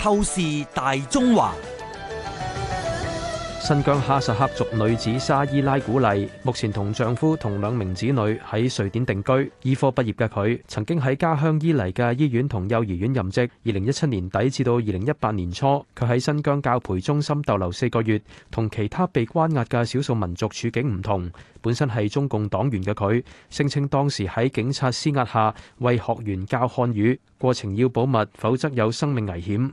透視大中華，新疆哈薩克族女子沙伊拉古麗目前同丈夫同兩名子女喺瑞典定居。醫科畢業嘅佢，曾經喺家鄉伊犁嘅醫院同幼兒園任職。二零一七年底至到二零一八年初，佢喺新疆教培中心逗留四個月。同其他被關押嘅少數民族處境唔同，本身係中共黨員嘅佢聲稱，聲稱當時喺警察施壓下為學員教漢語，過程要保密，否則有生命危險。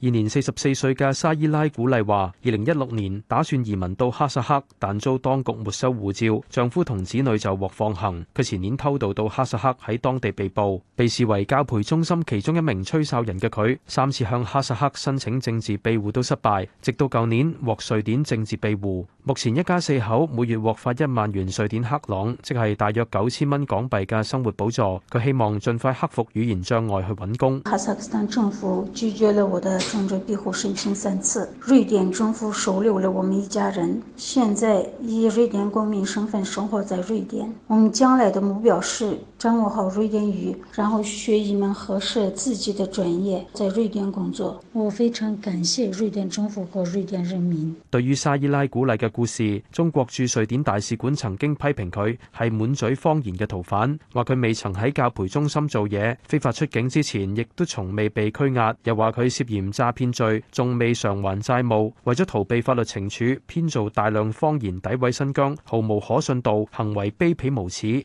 現年四十四歲嘅沙伊拉古麗話：二零一六年打算移民到哈薩克，但遭當局沒收護照，丈夫同子女就獲放行。佢前年偷渡到哈薩克，喺當地被捕，被視為教培中心其中一名吹哨人嘅佢，三次向哈薩克申請政治庇護都失敗，直到舊年獲瑞典政治庇護。目前一家四口每月獲發一萬元瑞典克朗，即係大約九千蚊港幣嘅生活補助。佢希望盡快克服語言障礙去揾工。哈薩克斯坦政府拒絕了我的。向庇護申請三次，瑞典政府收留了我們一家人。現在以瑞典公民身份生活在瑞典。我們將來的目標是掌握好瑞典語，然後學一門合適自己的專業，在瑞典工作。我非常感謝瑞典政府和瑞典人民。對於沙伊拉古麗嘅故事，中國駐瑞典大使館曾經批評佢係滿嘴謊言嘅逃犯，話佢未曾喺教培中心做嘢，非法出境之前亦都從未被拘押，又話佢涉嫌。詐騙罪，仲未償還債務，為咗逃避法律懲處，編造大量謊言詆毀新疆，毫無可信度，行為卑鄙無恥。.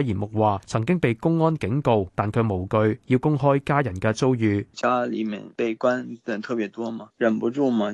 嚴木話：曾經被公安警告，但佢無懼要公開家人嘅遭遇。家裏面被關人特別多嘛，忍不住嘛。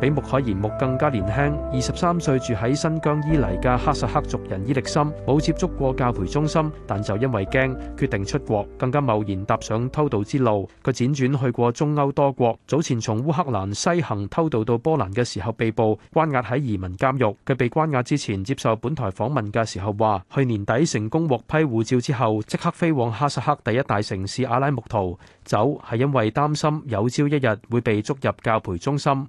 比穆海延木更加年輕，二十三歲住喺新疆伊犁嘅哈薩克族人伊力森，冇接觸過教培中心，但就因為驚，決定出國，更加貿然踏上偷渡之路。佢輾轉去過中歐多國，早前從烏克蘭西行偷渡到波蘭嘅時候被捕，關押喺移民監獄，佢被關押之前接受本台訪問嘅時候話，去年底成功獲批護照之後即刻飛往哈薩克第一大城市阿拉木圖走，係因為擔心有朝一日會被捉入教培中心。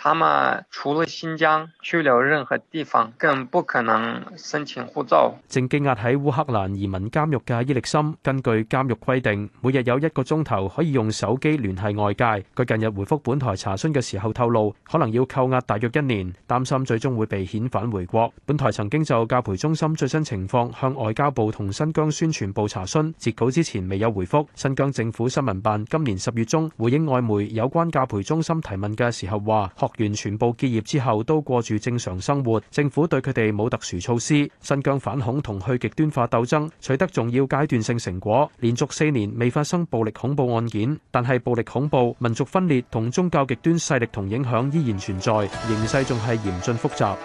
佢哋除咗新疆去留任何地方，更不可能申請護照。正羈押喺烏克蘭移民監獄嘅伊力森，根據監獄規定，每日有一個鐘頭可以用手機聯繫外界。佢近日回覆本台查詢嘅時候透露，可能要扣押大約一年，擔心最終會被遣返回國。本台曾經就教培中心最新情況向外交部同新疆宣傳部查詢，截稿之前未有回覆。新疆政府新聞辦今年十月中回應外媒有關教培中心提問嘅時候話，完全部結業之後，都過住正常生活。政府對佢哋冇特殊措施。新疆反恐同去極端化鬥爭取得重要階段性成果，連續四年未發生暴力恐怖案件。但係暴力恐怖、民族分裂同宗教極端勢力同影響依然存在，形勢仲係嚴峻複雜。